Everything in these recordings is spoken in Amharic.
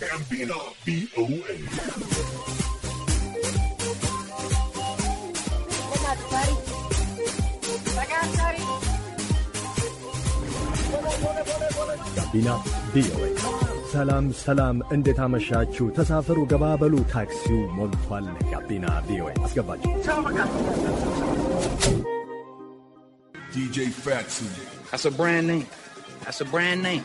ጋቢና ቪኦኤ ጋቢና ቪኦኤ። ሰላም ሰላም፣ እንዴት አመሻችሁ? ተሳፈሩ፣ በሉ፣ ታክሲው ሞልቷል። ጋቢና ቪኦኤ አስገባችሁ። That's a brand name. That's a brand name.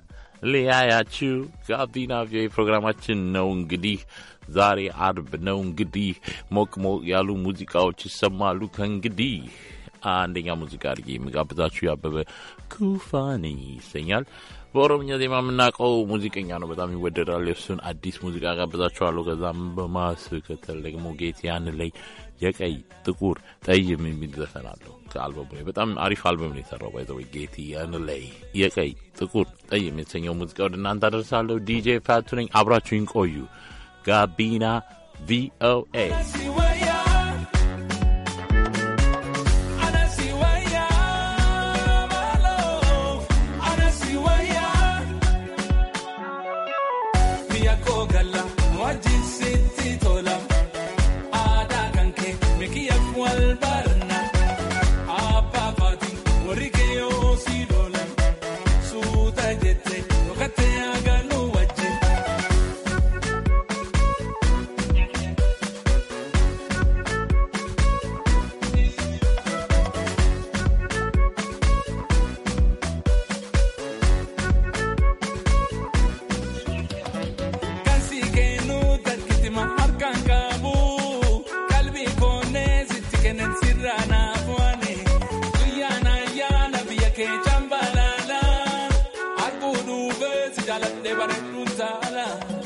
ሊያያችው ጋቢና ቪ ፕሮግራማችን ነው። እንግዲህ ዛሬ አርብ ነው። እንግዲህ ሞቅ ሞቅ ያሉ ሙዚቃዎች ይሰማሉ። ከእንግዲህ አንደኛ ሙዚቃ አድርጌ የሚጋብዛችሁ ያበበ ኩፋኔ ይሰኛል። በኦሮምኛ ዜማ የምናውቀው ሙዚቀኛ ነው፣ በጣም ይወደዳል። የእሱን አዲስ ሙዚቃ ጋብዛችኋለሁ። ከዛም በማስከተል ደግሞ ጌት ያን ላይ የቀይ ጥቁር ጠይም የሚል ዘፈን አለው አልበሙ ላይ በጣም አሪፍ አልበም ነው የሰራው። ባይዘ ጌቲ ያንለይ የቀይ ጥቁር ጠይም የተሰኘው ሙዚቃ ወደ እናንተ አደርሳለሁ። ዲጄ ፋቱ ነኝ። አብራችሁኝ ቆዩ። ጋቢና ቪኦኤ para cruzarla.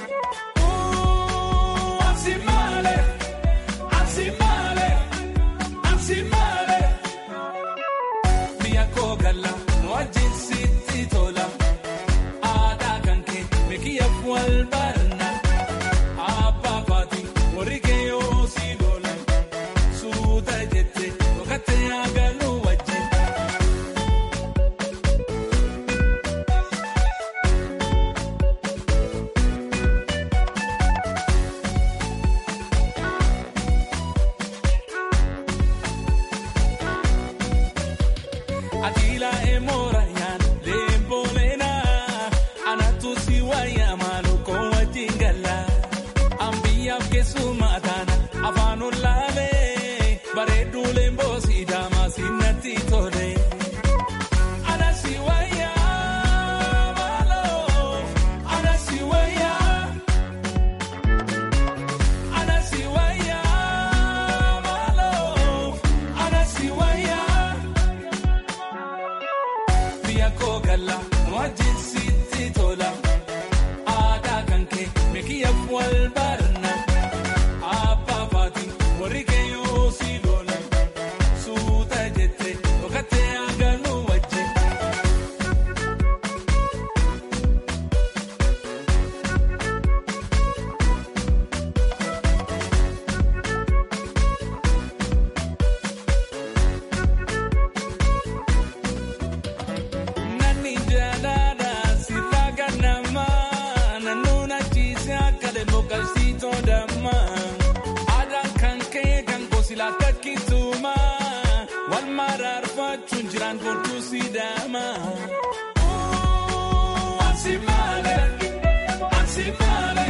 wal maaraar faachuun jiraan booduu siidama. Ansi maale, ansi maale,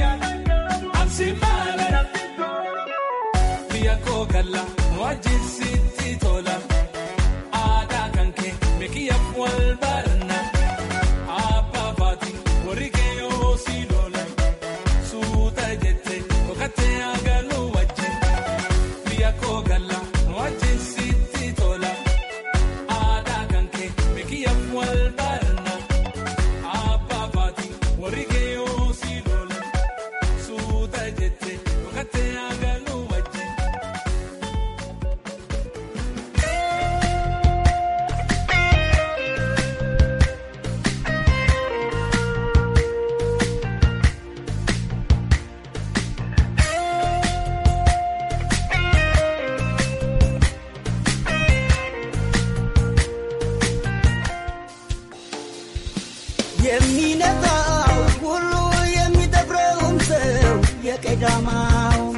አይዳማውም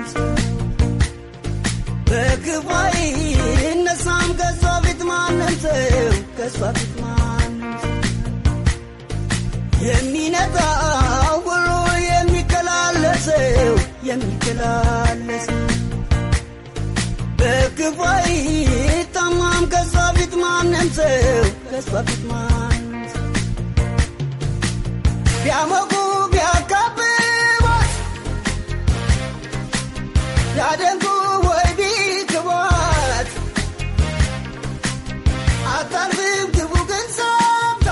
በክቧ ይነሳም ከሷ ፊት ማንም ሰው ከሷ ፊት ማንም የሚነጣው ሁሉ የሚከላለሰው የሚከላለሰው በክቧ ይጠማም ከሷ ፊት ማንም ሰው ከሷ ፊት ማንም ሰው ቢያሞቁ ያደንጉ ወይ ቢክቧት አታልፍም ግቡ ግን ሰምታ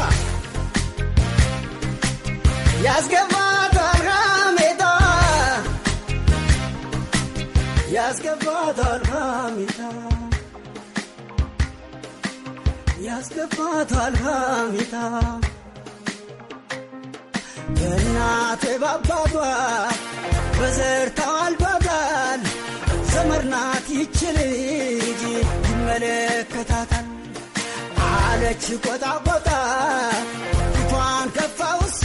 ያስገባታል ራሜታ ያስገባታል ራሜታ ባባቷ በዘርታዋል ተመርናት ይች ልጅ ይመለከታታል አለች ቆጣ ቆጣ ፊቷን ከፋ ውሳ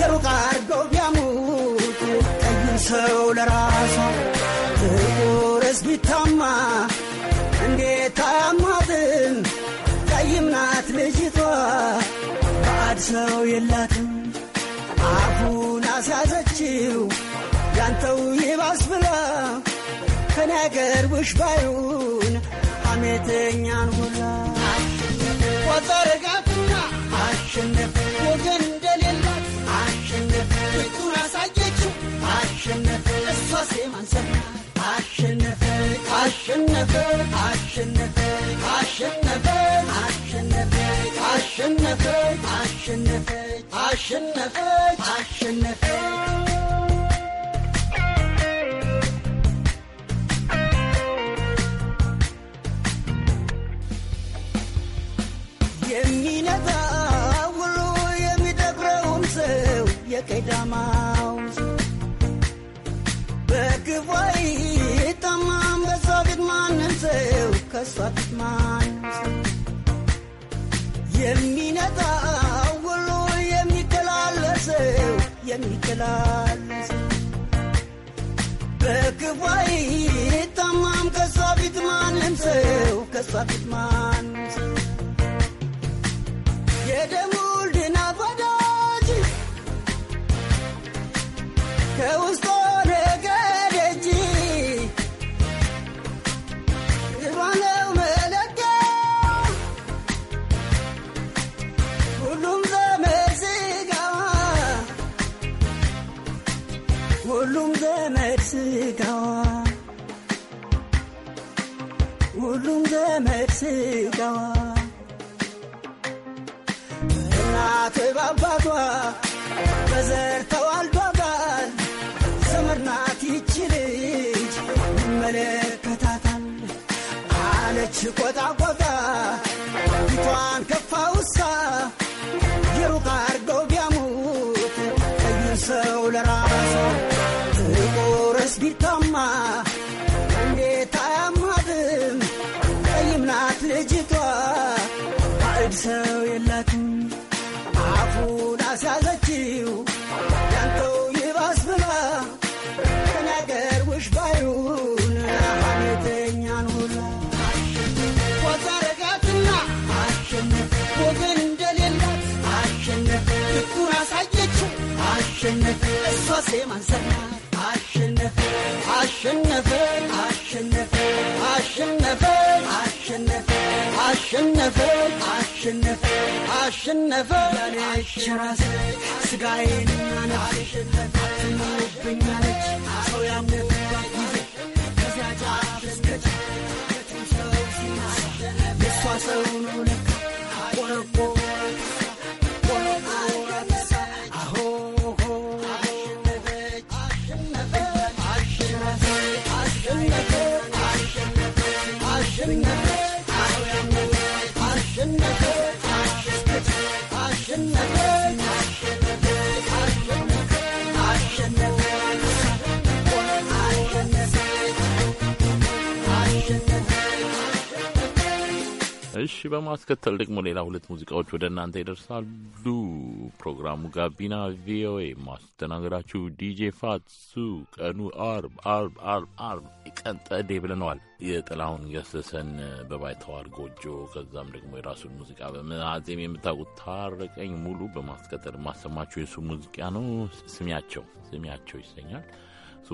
የሩቅ አርገው ቢያሙት ጠይም ሰው ለራሷ ጥቁርስ ቢታማ እንዴት አያማትም? ጠይም ናት ልጅቷ ባዕድ ሰው የላትም። አፉን አስያዘችው ያንተው ይባስ ብላ ከነገር ውሽ ባዩን ሐሜተኛን ሁላ ቆጠረ ጋፍና አሸነፍ ወገን እንደሌላት አሸነፍ ፍጡን አሳየችው አሸነፍ እሷ ሴማን ሰማ አሸነፍ አሸነፈ አሸነፈ አሸነፈ አሸነፈ አሸነፈ አሸነፈ አሸነፈ አሸነፈ ክቦይ ይጠማም በሷ ፊት ማንም ሰው ከሷ ፊት ማንም ሰው የሚነጣው ሁሉ የሚገላለሰው የሚገላለሰው በክቦይ ይጠማም ከሷ ፊት ማንም ሰው ከሷ ፊት ስጋዋ እናት ባባቷ በዘር ተዋልዷታል። ዘመድ ናት ይቺ ልጅ ይመለከታታል አለች ቆጣ ቆጣ ፊቷን ከፋ ውሳ የሩቅ አርገው ቢያሙት ቀዩን ሰው ለራሷ ጥቁርስ ቢታማ አሸነፈ እሷ ሴማን ሰናት አሸነፈ አሸነፈ አሸነፈ አሸነፈ አሸነፈ አሸነፈ አሸነፈ አሸነፈ ሰው ጊዜ ከዚያ ጫፍ እስከ ጫፍ ሰው ሰው ነው እሺ በማስከተል ደግሞ ሌላ ሁለት ሙዚቃዎች ወደ እናንተ ይደርሳሉ። ፕሮግራሙ ጋቢና ቪኦኤ ማስተናገዳችሁ ዲጄ ፋትሱ። ቀኑ አርብ አርብ አርብ አርብ ቀን ጠዴ ብለነዋል። የጥላሁን ገሰሰን በባይተዋር ጎጆ፣ ከዛም ደግሞ የራሱን ሙዚቃ በመዜም የምታውቁት ታረቀኝ ሙሉ በማስከተል የማሰማችሁ የሱ ሙዚቃ ነው። ስሚያቸው ስሚያቸው ይሰኛል።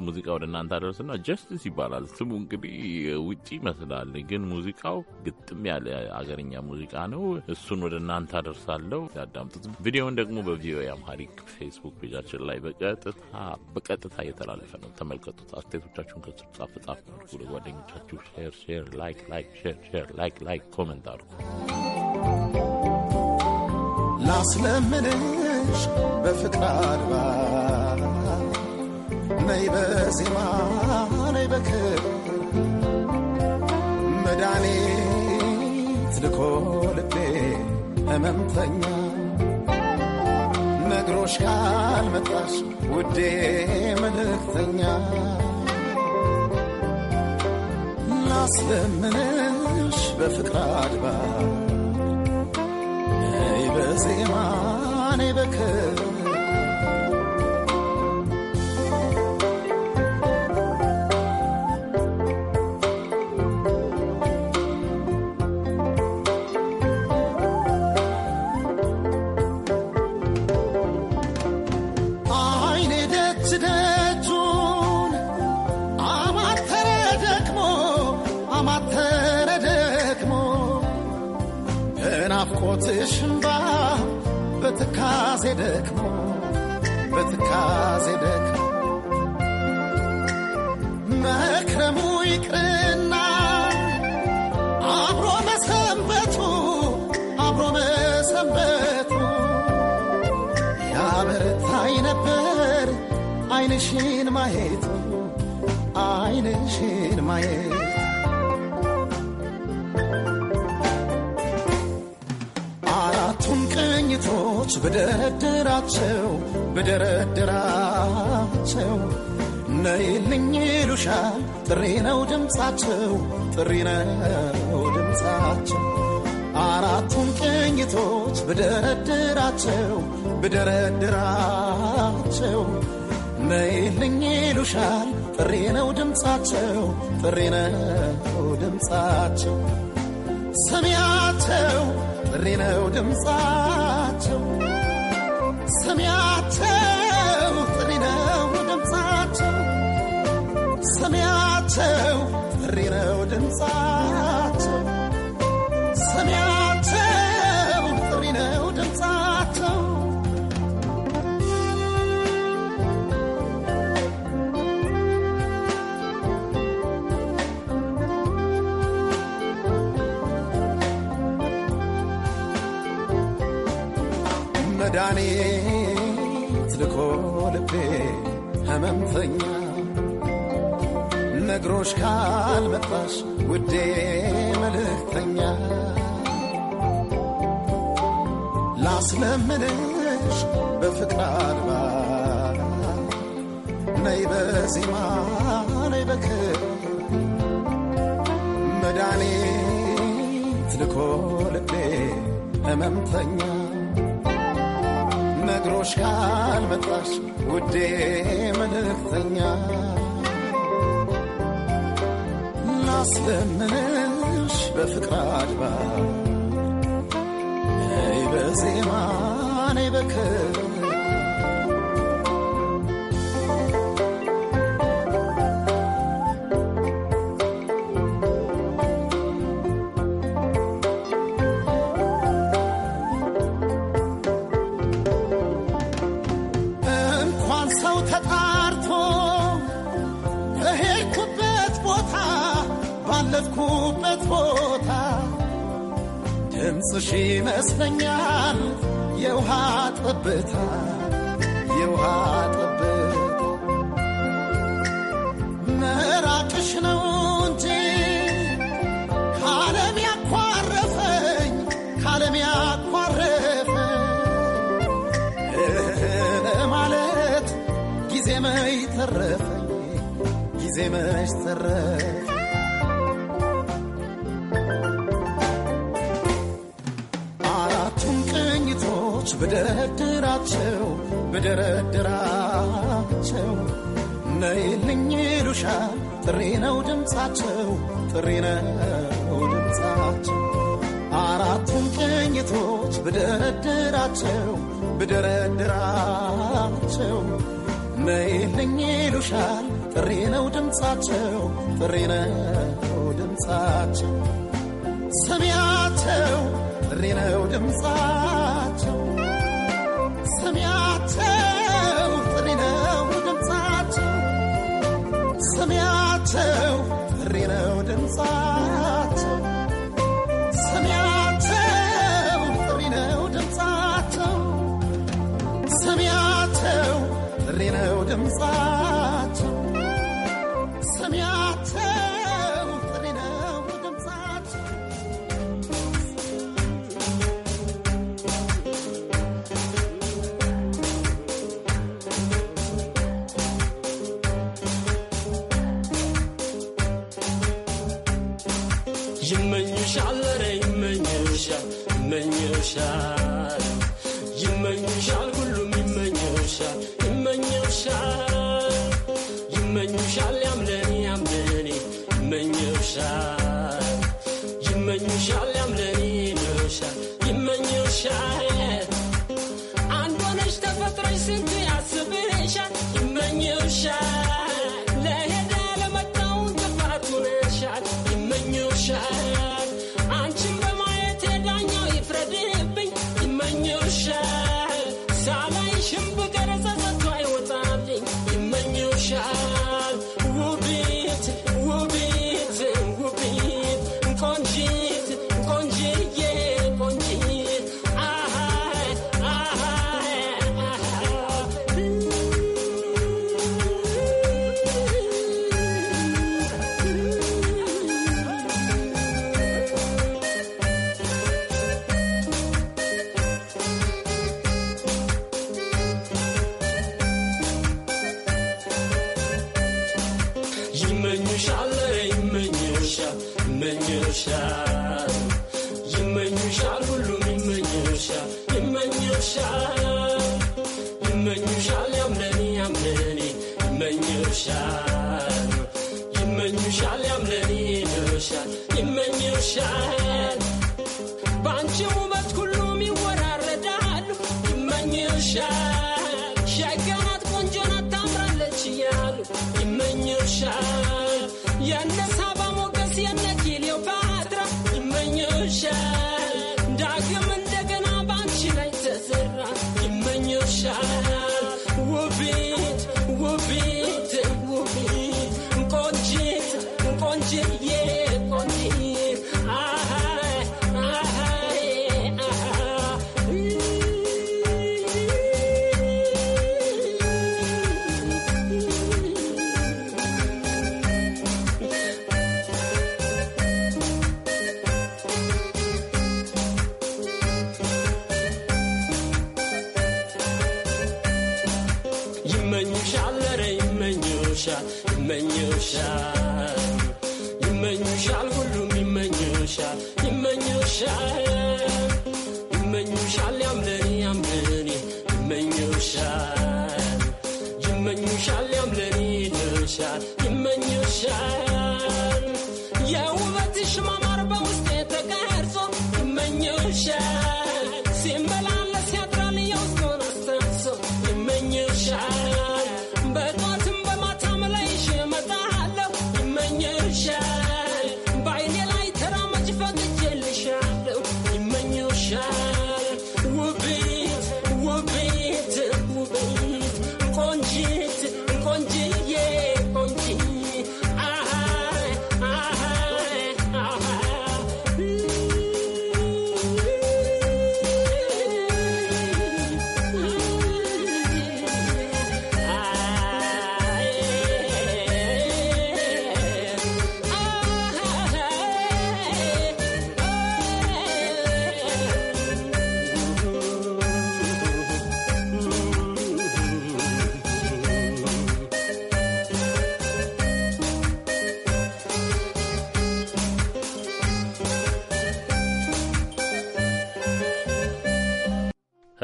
ሙዚቃ ወደ እናንተ አደረስና ጀስትስ ይባላል ስሙ። እንግዲህ ውጪ ይመስላል፣ ግን ሙዚቃው ግጥም ያለ አገርኛ ሙዚቃ ነው። እሱን ወደ እናንተ አደርሳለሁ፣ ያዳምጡት። ቪዲዮውን ደግሞ በቪኦኤ አምሃሪክ ፌስቡክ ፔጃችን ላይ በቀጥታ በቀጥታ እየተላለፈ ነው፣ ተመልከቱት። አስተያየቶቻችሁን ከሱ ጻፍ ጻፍ አድርጉ፣ ለጓደኞቻችሁ ሼር ሼር፣ ላይክ ላይክ፣ ሼር ሼር፣ ላይክ ላይክ፣ ኮመንት አድርጉ። ላስለምንሽ በፍቅር አድባ ነይ በዜማ ነይ በክብር መድኃኒት ልኮ ልቤ ሕመምተኛ ነግሮሽ ካልመጣሽ ውዴ መልእክተኛ ላስለምንሽ በፍቅር አድባር ነይ በዜማ ነይ በክብር ዓይንሽን ማየት ዓይንሽን ማየት አራቱን ቅኝቶች ብደረድራቸው ብደረድራቸው ነይልኝ ይሉሻል ጥሪ ነው ድምፃቸው ጥሪ ነው ድምፃቸው አራቱን ቅኝቶች ብደረድራቸው ብደረድራቸው ነይልኝ ይሉሻል ጥሪ ነው ድምፃቸው ጥሪ ነው ድምፃቸው ሰሚያቸው ጥሪ ነው ድምፃቸው ሰሚያቸው ጥሪ ነው ድምፃቸው ሰሚያቸው ጥሪ ነው ድምፃቸው መድኃኒት ልኮ ልቤ ሕመምተኛ ነግሮሽ ካልመጣሽ ውዴ መልእክተኛ ላስለምንሽ በፍቅር አልባ ነይ በዜማ ነይ በክር መድኃኒት ልኮ ልቤ ሕመምተኛ ፍቅሮች ካልመጣሽ ውዴ መልእክተኛ ላስለምንሽ በፍቅር አድባ ነይ በዜማ ነይ በክብር ገጽሽ ይመስለኛል የውሃ ጠብታ የውሃ ጠብታ መራቅሽ ነው እንጂ ከዓለም ያኳረፈኝ ከዓለም ያኳረፈኝ ማለት ጊዜ መች ተረፈኝ ጊዜ መች ተረፈ ብደረድራቸው ብደረድራቸው ነይልኝ ሉሻ ጥሪ ነው ድምፃቸው ጥሪ ነው ድምፃቸው አራቱን ቅኝቶች ብደረድራቸው ብደረድራቸው ነይልኝ ሉሻ ጥሪ ነው ድምፃቸው ጥሪ ነው ድምፃቸው ሰሚያቸው ጥሪ ነው ድምፃ tell ይመኙሻል፣ ኧረ ይመኙሻል፣ ይመኙሻል shine.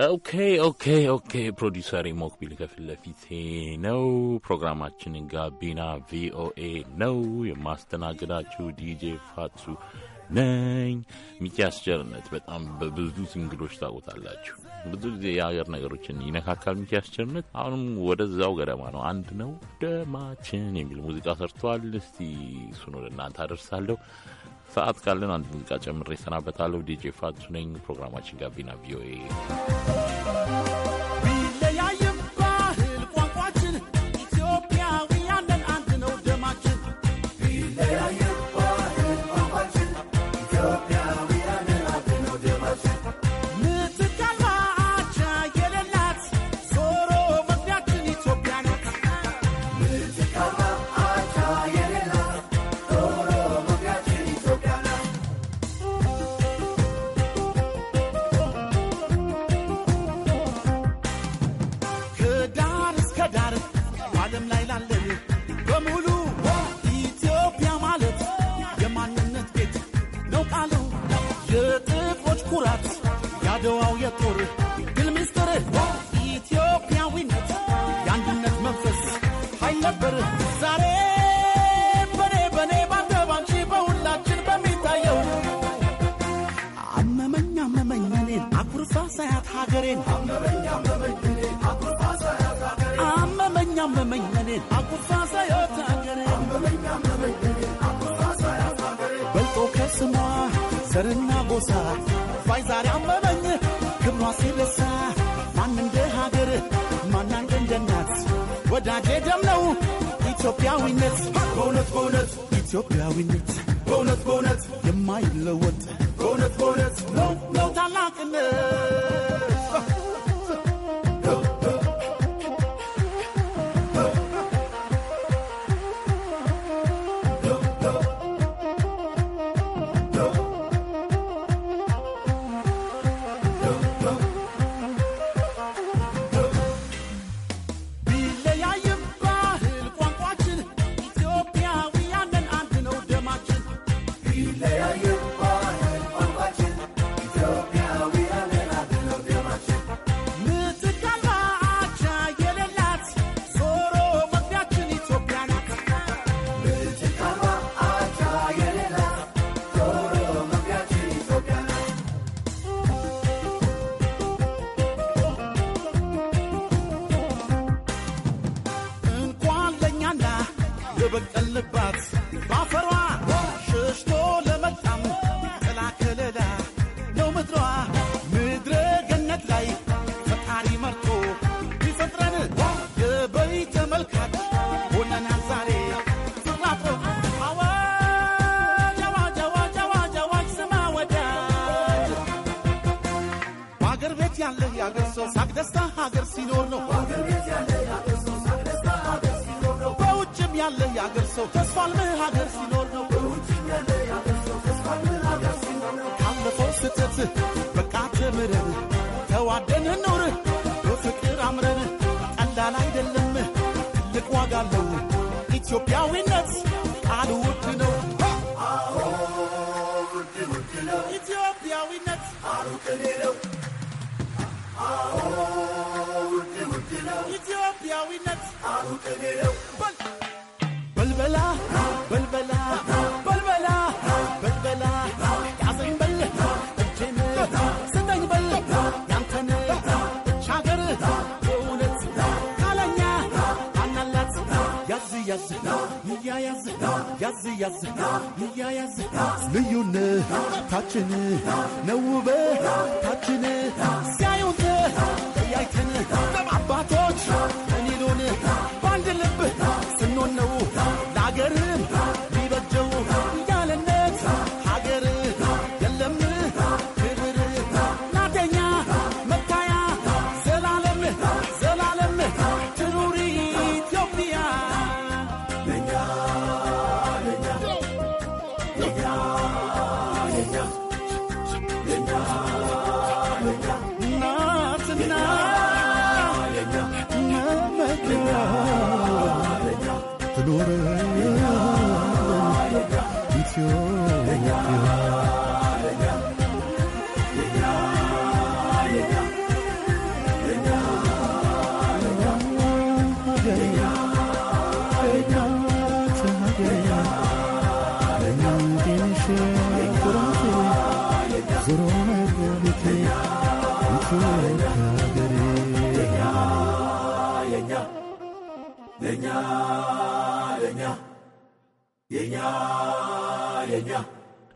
ኦኬ ኦኬ ኦኬ። ፕሮዲሰር ሞክቢል ከፊት ለፊቴ ነው። ፕሮግራማችንን ጋቢና ቪኦኤ ነው የማስተናግዳችሁ። ዲጄ ፋቱ ነኝ። ሚኪያስ ቸርነት በጣም በብዙ ስንግሎች ታውቁታላችሁ። ብዙ ጊዜ የሀገር ነገሮችን ይነካካል። ሚኪያስ ቸርነት አሁንም ወደዛው ገደማ ነው። አንድ ነው ደማችን የሚል ሙዚቃ ሰርቷል። እስቲ እሱን ወደ እናንተ አደርሳለሁ። ሰዓት ካለን አንድ ሙዚቃ ጨምሬ ይሰናበታለሁ። ዲጄ ፋቱ ነኝ። ፕሮግራማችን ጋቢና ቪኦኤ ሲረሳ ማን እንደ ሀገር ማናንድ እንደናት ወዳጄ ደም ነው ኢትዮጵያዊነት በእውነት በእውነት ኢትዮጵያዊነት በእውነት በእውነት የማይለወጥ በእውነት በእውነት ነው ነው ታላቅነት ልዩነት ታችን ነው ውበታችን ሲያዩን ተያይተን አባቶች የኛ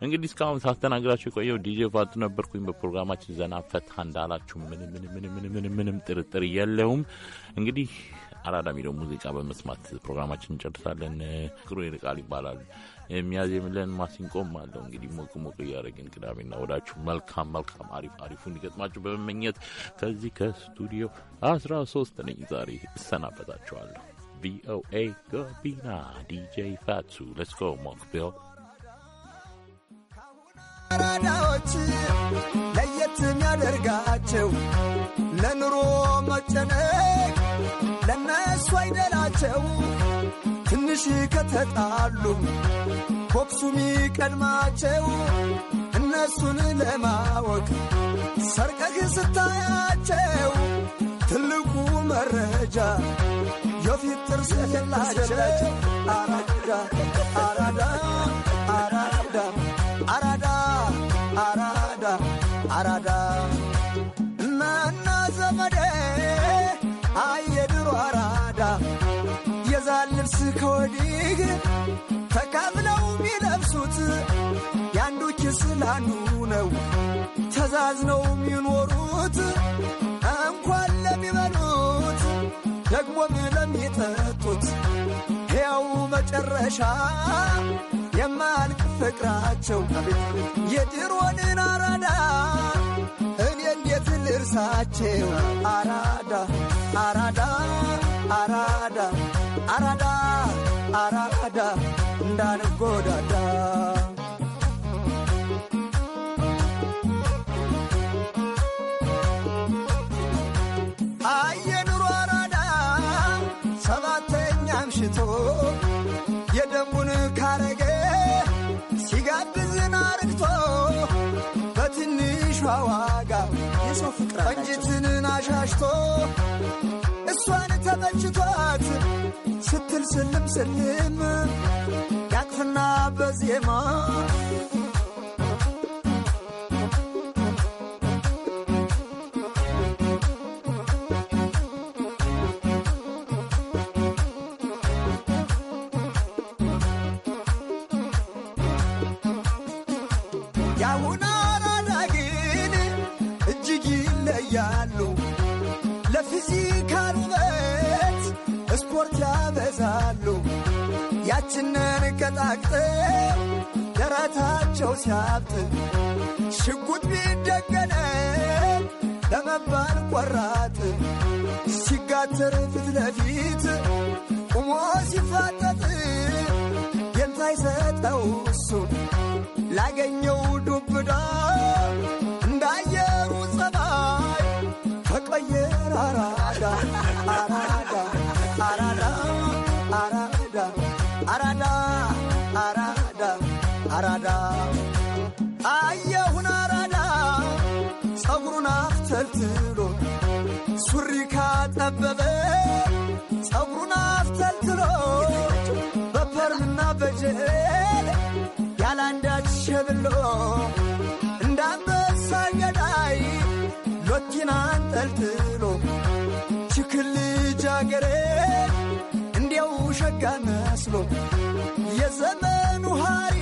እንግዲህ እስካሁን ሳስተናግዳችሁ የቆየው ዲጄ ፋቱ ነበርኩኝ። በፕሮግራማችን ዘና ፈታ እንዳላችሁ ምንምንምንምንምንም ምንም ጥርጥር የለውም። እንግዲህ አራዳ ሚለው ሙዚቃ በመስማት ፕሮግራማችን እንጨርሳለን። ክሩ ይርቃል ይባላል። የሚያዜምለን ማሲንቆም አለው። እንግዲህ ሞቅ ሞቅ እያደረግን ቅዳሜና ወዳችሁ መልካም መልካም አሪፍ አሪፉ እንዲገጥማችሁ በመመኘት ከዚህ ከስቱዲዮ አስራ ሶስት ነኝ ዛሬ እሰናበታችኋለሁ። ቪኦኤ ጋቢና ዲጄ ፋቱ ሌትስ ጎ ሞክቢል አራዳዎች ለየት የሚያደርጋቸው ለኑሮ መጨነቅ ለነሱ አይደላቸው። ትንሽ ከተጣሉ! ቦክሱም ይቀድማቸው። እነሱን ለማወቅ ሰርቀህ ስታያቸው ትልቁ መረጃ የፊት ጥርስ የላቸው አራዳ አራዳ አራዳ እናና ዘመዴ አየድሮ አራዳ የዛን ልብስ ከወዲህ ተካፍለው የሚለብሱት የአንዱ ኪስ ለአንዱ ነው። ተዛዝነው የሚኖሩት እንኳን ለሚበሉት ደግሞም ለሚጠጡት ሕያው መጨረሻ የማያልቅ ፍቅራቸው የድሮንን አራዳ እኔ እንዴት ልርሳቸው? አራዳ አራዳ አራዳ አራዳ አራዳ እንዳንጎዳዳ የትንሿ ዋጋ ቆንጅትንን አሻሽቶ እሷን ተመችቷት ስትል ስልም ስልም ያቅፍና በዜማ ሲያቅጥ ደረታቸው ሲያብጥ ሽጉጥ ቢደገነ ለመባል ቆራጥ ሲጋተር ፊት ለፊት ቁሞ ሲፋጠጥ ደንታ ይሰጠው እሱ ላገኘው ዱብዳ እንዳየሩ ጸባይ ተቀየር አራዳ ተልትሎ ሱሪ ካጠበበ ፀጉሩን አፍተልትሎ በፐርምና በጀል ያላንዳች ሸብሎ እንዳንበሳ ገዳይ ሎቲን አንጠልጥሎ ችክል ጃገሬ እንዲያው ሸጋ መስሎ የዘመኑ ሃሪ